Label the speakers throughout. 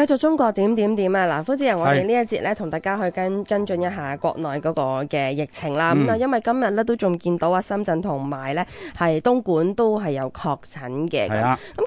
Speaker 1: 繼續中國點點點啊！嗱，富志人，我哋呢一節咧同大家去跟跟進一下國內嗰個嘅疫情啦。咁啊、嗯，因為今日咧都仲見到啊，深圳同埋咧係東莞都係有確診嘅。咁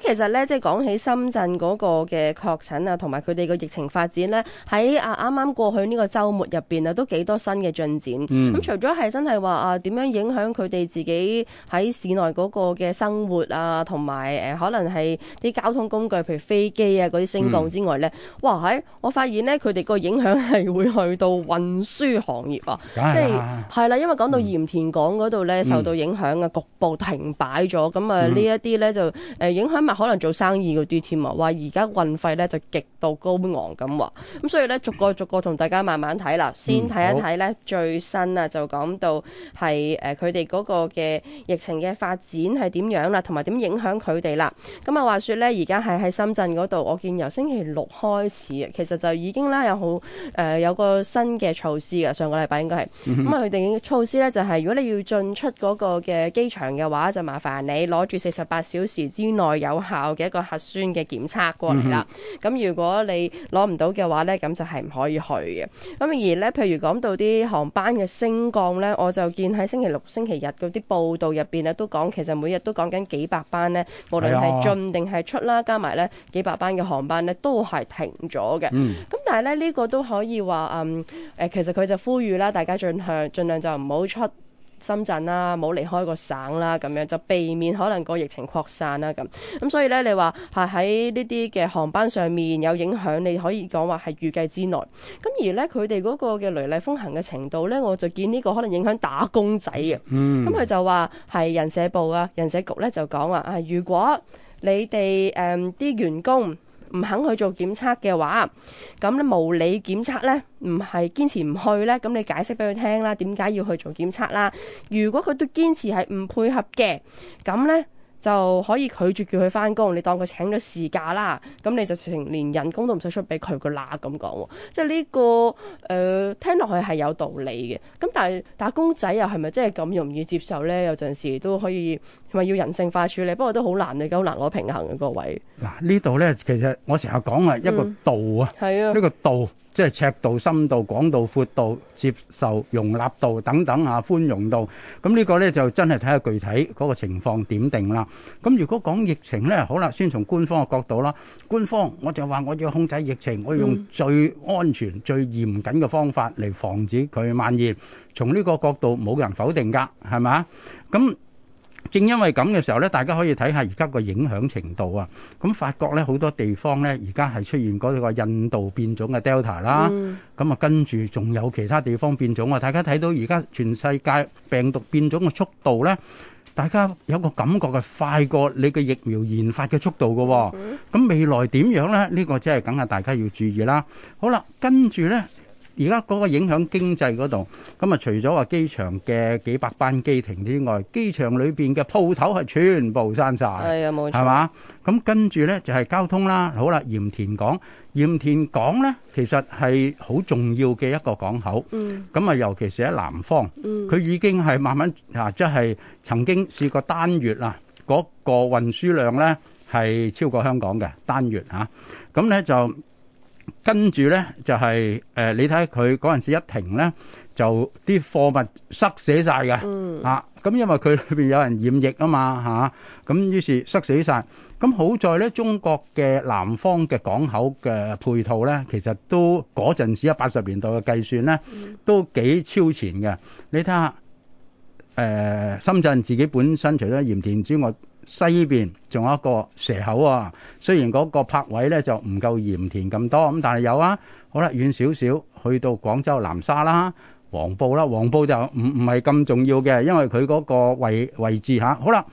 Speaker 1: 的其實咧，即係講起深圳嗰個嘅確診啊，同埋佢哋個疫情發展咧，喺啊啱啱過去個周呢個週末入邊啊，都幾多新嘅進展。咁、嗯、除咗係真係話啊，點、呃、樣影響佢哋自己喺市內嗰個嘅生活啊，同埋誒可能係啲交通工具，譬如飛機啊嗰啲升降之外、嗯哇、哎、我發現呢，佢哋個影響係會去到運輸行業啊，即係係啦，因為講到鹽田港嗰度呢，嗯、受到影響啊，局部停擺咗，咁、嗯、啊呢一啲呢，就誒、呃、影響埋可能做生意嗰啲添啊，話而家運費呢，就極度高昂咁喎、啊，咁所以呢，逐個逐個同大家慢慢睇啦，先睇一睇呢，嗯、最新啊，就講到係誒佢哋嗰個嘅疫情嘅發展係點樣啦、啊，同埋點影響佢哋啦。咁啊話説呢，而家係喺深圳嗰度，我見由星期六開始其實就已經啦，有好誒、呃、有個新嘅措施㗎。上個禮拜應該係，咁啊佢哋措施咧就係、是，如果你要進出嗰個嘅機場嘅話，就麻煩你攞住四十八小時之內有效嘅一個核酸嘅檢測過嚟啦。咁 如果你攞唔到嘅話咧，咁就係唔可以去嘅。咁而咧，譬如講到啲航班嘅升降咧，我就見喺星期六、星期日嗰啲報道入邊咧，都講其實每日都講緊幾百班咧，無論係進定係出啦，加埋咧幾百班嘅航班咧都，係停咗嘅，咁、嗯、但係咧呢個都可以話誒、嗯，其實佢就呼籲啦，大家盡量盡量就唔好出深圳啦，唔好離開個省啦，咁樣就避免可能個疫情擴散啦，咁咁所以咧你話係喺呢啲嘅航班上面有影響，你可以講話係預計之內。咁而咧佢哋嗰個嘅雷厲風行嘅程度咧，我就見呢個可能影響打工仔嘅，咁佢、嗯嗯嗯、就話係人社部啊、人社局咧就講話啊，如果你哋誒啲員工。唔肯去做檢測嘅話，咁咧無理檢測咧，唔係堅持唔去咧，咁你解釋俾佢聽啦，點解要去做檢測啦？如果佢都堅持係唔配合嘅，咁咧就可以拒絕叫佢返工，你當佢請咗事假啦，咁你就成連人工都唔使出俾佢個啦咁講，即係、這、呢個誒、呃、聽落去係有道理嘅。咁但係打工仔又係咪真係咁容易接受咧？有陣時都可以。咪要人性化處理，不過都好難嘅，好難攞平衡嘅各位。
Speaker 2: 嗱，呢度呢，其實我成日講啊，一個度啊，呢、嗯、係啊、個度，即係尺度、深度、廣度、闊度、接受、容納度等等啊，寬容度。咁呢個呢，就真係睇下具體嗰個情況點定啦。咁如果講疫情呢，好啦，先從官方嘅角度啦，官方我就話我要控制疫情，我要用最安全、嗯、最嚴謹嘅方法嚟防止佢蔓延。從呢個角度，冇人否定噶，係咪？咁。正因為咁嘅時候咧，大家可以睇下而家個影響程度啊。咁法國咧好多地方咧，而家係出現嗰個印度變種嘅 Delta 啦、嗯。咁啊跟住仲有其他地方變種啊。大家睇到而家全世界病毒變種嘅速度咧，大家有個感覺係快過你嘅疫苗研發嘅速度嘅。咁、嗯、未來點樣咧？呢、呢個真係梗係大家要注意啦。好啦，跟住咧。而家嗰個影響經濟嗰度，咁啊除咗話機場嘅幾百班機停之外，機場裏邊嘅鋪頭係全部閂曬，係
Speaker 1: 啊冇錯，係嘛？
Speaker 2: 咁跟住咧就係交通啦。好啦，鹽田港，鹽田港咧其實係好重要嘅一個港口。嗯，咁啊，尤其是喺南方，嗯，佢已經係慢慢啊，即係曾經試過單月啊嗰個運輸量咧係超過香港嘅單月嚇。咁咧就。跟住咧就係誒，你睇佢嗰陣時一停咧，就啲貨物塞死曬嘅。嗯。啊，咁因為佢裏邊有人染疫啊嘛，嚇，咁於是塞死曬。咁好在咧，中國嘅南方嘅港口嘅配套咧，其實都嗰陣時啊八十年代嘅計算咧，都幾超前嘅。你睇下誒，深圳自己本身除咗鹽田之外。西邊仲有一個蛇口啊，雖然嗰個泊位咧就唔夠鹽田咁多，咁但係有啊。好啦，遠少少去到廣州南沙啦、黃埔啦，黃埔就唔唔係咁重要嘅，因為佢嗰個位位置吓啊。好啦，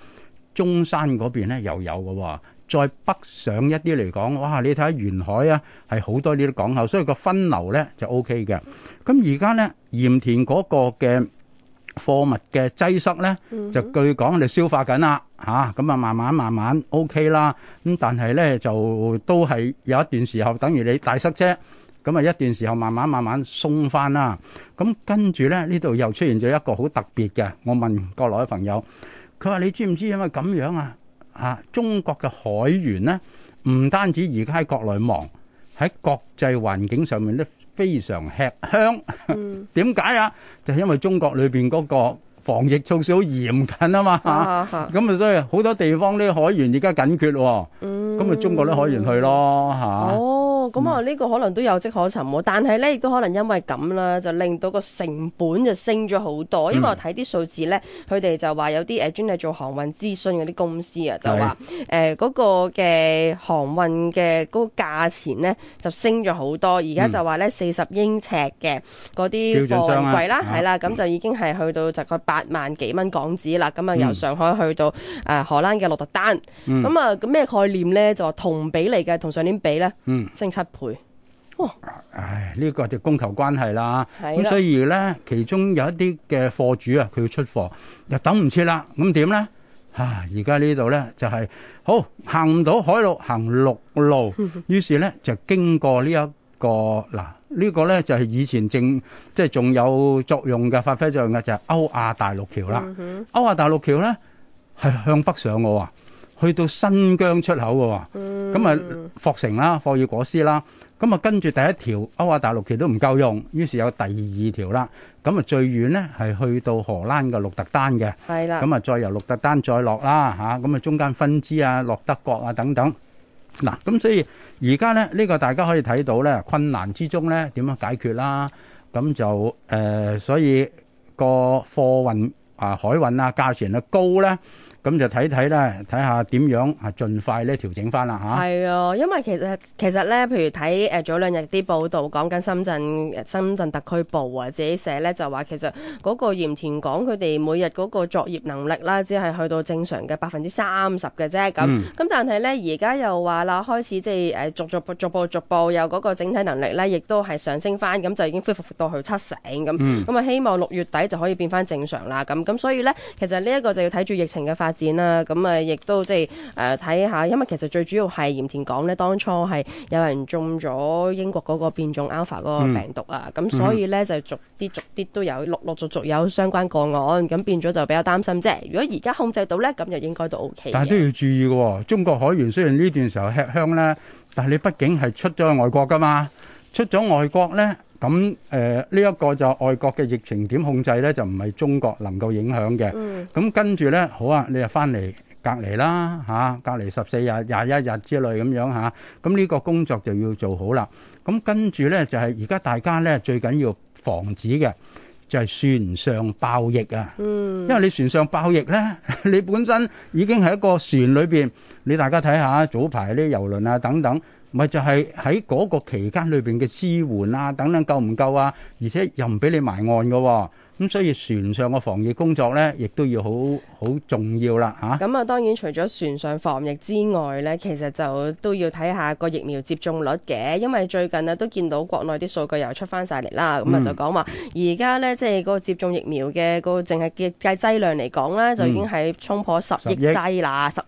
Speaker 2: 中山嗰邊咧又有噶啊，再北上一啲嚟講，哇！你睇下沿海啊，係好多呢啲港口，所以個分流咧就 OK 嘅。咁而家咧鹽田嗰個嘅。貨物嘅擠塞咧，就據講我哋消化緊啦，嚇咁啊，慢慢慢慢 OK 啦。咁但係咧，就都係有一段時候，等於你大塞車。咁啊，一段時候慢慢慢慢鬆翻啦。咁跟住咧，呢度又出現咗一個好特別嘅。我問國內嘅朋友，佢話你知唔知因為咁樣啊？嚇，中國嘅海員咧，唔單止而家喺國內忙，喺國際環境上面咧。非常吃香，點解啊？就係、是、因為中國裏邊嗰個防疫措施好嚴謹啊嘛，咁啊，啊啊所以好多地方啲海員而家緊缺喎、哦，
Speaker 1: 咁啊、嗯，中國啲
Speaker 2: 海員去咯，嚇、
Speaker 1: 哦！咁啊，呢、嗯、個可能都有跡可尋，但係咧亦都可能因為咁啦，就令到個成本就升咗好多。因為我睇啲數字咧，佢哋就話有啲誒專係做航運諮詢嗰啲公司啊，就話誒嗰個嘅航運嘅嗰個價錢咧就升咗好多。而家就話咧四十英尺嘅嗰啲貨櫃啦，係啦、嗯，咁就已經係去到大概八萬幾蚊港紙啦。咁啊，由上海去到誒、呃、荷蘭嘅鹿特丹，咁啊、嗯，咁咩、嗯、概念咧？就話同比嚟嘅同上年比咧，升
Speaker 2: 一倍，唉、哎、呢、這個就供求關係啦。咁的所以咧，其中有一啲嘅貨主啊，佢要出貨又等唔切啦。咁點咧？吓、啊，而家呢度咧就係、是、好行唔到海路，行陸路。於是咧就經過、這個這個、呢一個嗱，呢個咧就係、是、以前正即係仲有作用嘅、發揮作用嘅就係歐亞大陸橋啦。歐亞、嗯、哼大陸橋咧係向北上嘅啊。去到新疆出口嘅喎，咁啊、嗯、霍城啦、霍爾果斯啦，咁啊跟住第一條歐亞大陸橋都唔夠用，於是有第二條啦，咁啊最遠呢，係去到荷蘭嘅鹿特丹嘅，咁啊係啦再由鹿特丹再落啦嚇，咁啊中間分支啊落德國啊等等，嗱、啊、咁所以而家咧呢、呢個大家可以睇到咧困難之中咧點樣解決啦、啊，咁就誒、呃、所以個貨運啊海運啊價錢啊高咧。咁就睇睇啦，睇下點樣啊，盡快咧調整翻啦吓，
Speaker 1: 係啊，因為其實其實咧，譬如睇誒、呃、早兩日啲報道講緊深圳深圳特區部啊，自己寫咧就話其實嗰個鹽田港佢哋每日嗰個作業能力啦，只係去到正常嘅百分之三十嘅啫。咁咁、嗯、但係咧，而家又話啦，開始即係誒逐逐逐步逐步有嗰個整體能力咧，亦都係上升翻，咁就已經恢復到去七成咁。咁啊，嗯、希望六月底就可以變翻正常啦。咁咁所以咧，其實呢一個就要睇住疫情嘅發展。發展啦，咁啊，亦都即係誒，睇下，因為其實最主要係鹽田港咧，當初係有人中咗英國嗰個變種 Alpha 嗰個病毒啊，咁所以咧就逐啲逐啲都有，陸陸續續有相關個案，咁變咗就比較擔心。即係如果而家控制到咧，咁就應該都 OK。但係都
Speaker 2: 要注意嘅，中國海員雖然呢段時候吃香咧，但係你畢竟係出咗去外國㗎嘛，出咗外國咧。咁誒呢一個就外國嘅疫情點控制呢，就唔係中國能夠影響嘅。咁跟住呢，好啊，你就翻嚟隔離啦，嚇隔離十四日、廿一日之類咁樣嚇。咁呢個工作就要做好啦。咁跟住呢就係而家大家呢最緊要防止嘅就係船上爆疫啊。因為你船上爆疫呢，你本身已經係一個船裏邊，你大家睇下早排啲遊輪啊等等。咪就係喺嗰個期間裏邊嘅支援啊，等等夠唔夠啊？而且又唔俾你埋岸嘅，咁所以船上嘅防疫工作咧，亦都要好好重要啦嚇。
Speaker 1: 咁啊，當然除咗船上防疫之外咧，其實就都要睇下個疫苗接種率嘅，因為最近啊都見到國內啲數據又出翻曬嚟啦，咁啊就講話而家咧即係嗰個接種疫苗嘅個淨係計劑量嚟講咧，就已經係衝破十億劑啦十。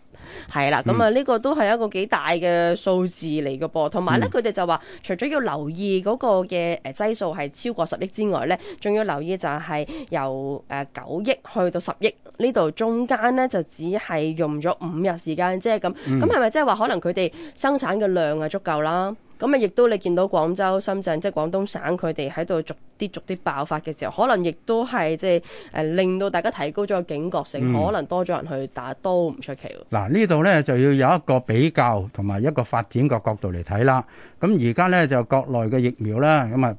Speaker 1: 係啦，咁啊呢個都係一個幾大嘅數字嚟噶噃，同埋咧佢哋就話，除咗要留意嗰個嘅誒劑數係超過十億之外咧，仲要留意就係由誒九億去到十億呢度中間咧就只係用咗五日時間，即係咁，咁係咪即係話可能佢哋生產嘅量啊足夠啦？咁啊亦都你見到廣州、深圳即係廣東省佢哋喺度逐。啲逐啲爆發嘅時候，可能亦都係即係誒，令到大家提高咗警覺性，可能多咗人去打都唔出奇。
Speaker 2: 嗱，呢度咧就要有一個比較同埋一個發展個角度嚟睇啦。咁而家咧就國內嘅疫苗啦，咁啊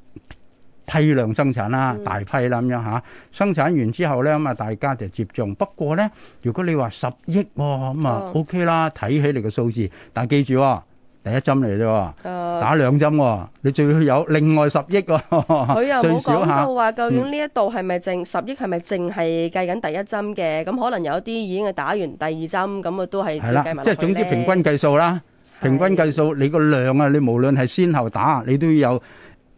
Speaker 2: 批量生產啦，大批啦咁樣嚇生產完之後咧，咁啊大家就接種。不過咧，如果你話十億咁啊 OK 啦，睇起嚟個數字，但係記住。第一針嚟啫，呃、打兩針、喔，你仲要有另外十億喎、喔。佢又冇講到話
Speaker 1: 究竟呢一度係咪淨十億係咪淨係計緊第一針嘅？咁可能有啲已經係打完第二針，咁啊都係接計埋即係總之平均計
Speaker 2: 數啦，平均計數，你個量啊，你無論係先後打，你都要有。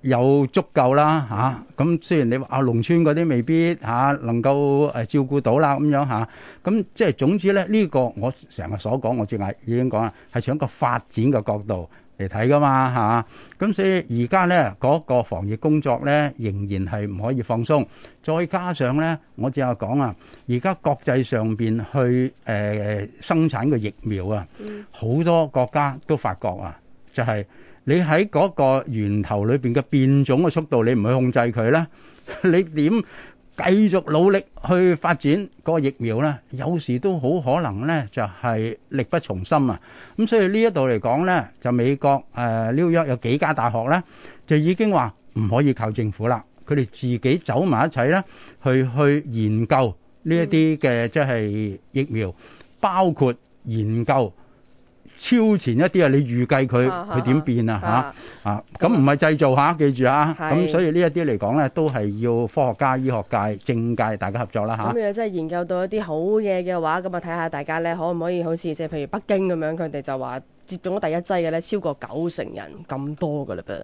Speaker 2: 有足夠啦嚇，咁雖然你話啊農村嗰啲未必嚇能夠誒照顧到啦咁樣嚇，咁即係總之咧呢個我成日所講，我淨係已經講啦，係從一個發展嘅角度嚟睇噶嘛嚇，咁所以而家咧嗰個防疫工作咧仍然係唔可以放鬆，再加上咧我淨係講啊，而家國際上邊去誒生產嘅疫苗啊，好多國家都發覺啊，就係。你喺嗰個源頭裏邊嘅變種嘅速度，你唔去控制佢咧，你點繼續努力去發展個疫苗咧？有時都好可能咧，就係力不從心啊！咁所以呢一度嚟講咧，就美國誒，紐約有幾家大學咧，就已經話唔可以靠政府啦，佢哋自己走埋一齊啦，去去研究呢一啲嘅即係疫苗，包括研究。超前一啲啊！你預計佢佢點變啊？嚇啊！咁唔係製造嚇，記住啊！咁所以呢一啲嚟講呢，都係要科學家、醫學界、政界大家合作啦嚇。咁啊，真
Speaker 1: 係研究到一啲好嘢嘅話，咁啊睇下大家呢，可唔可以好似即係譬如北京咁樣，佢哋就話接種咗第一劑嘅呢，超過九成人咁多噶嘞噃。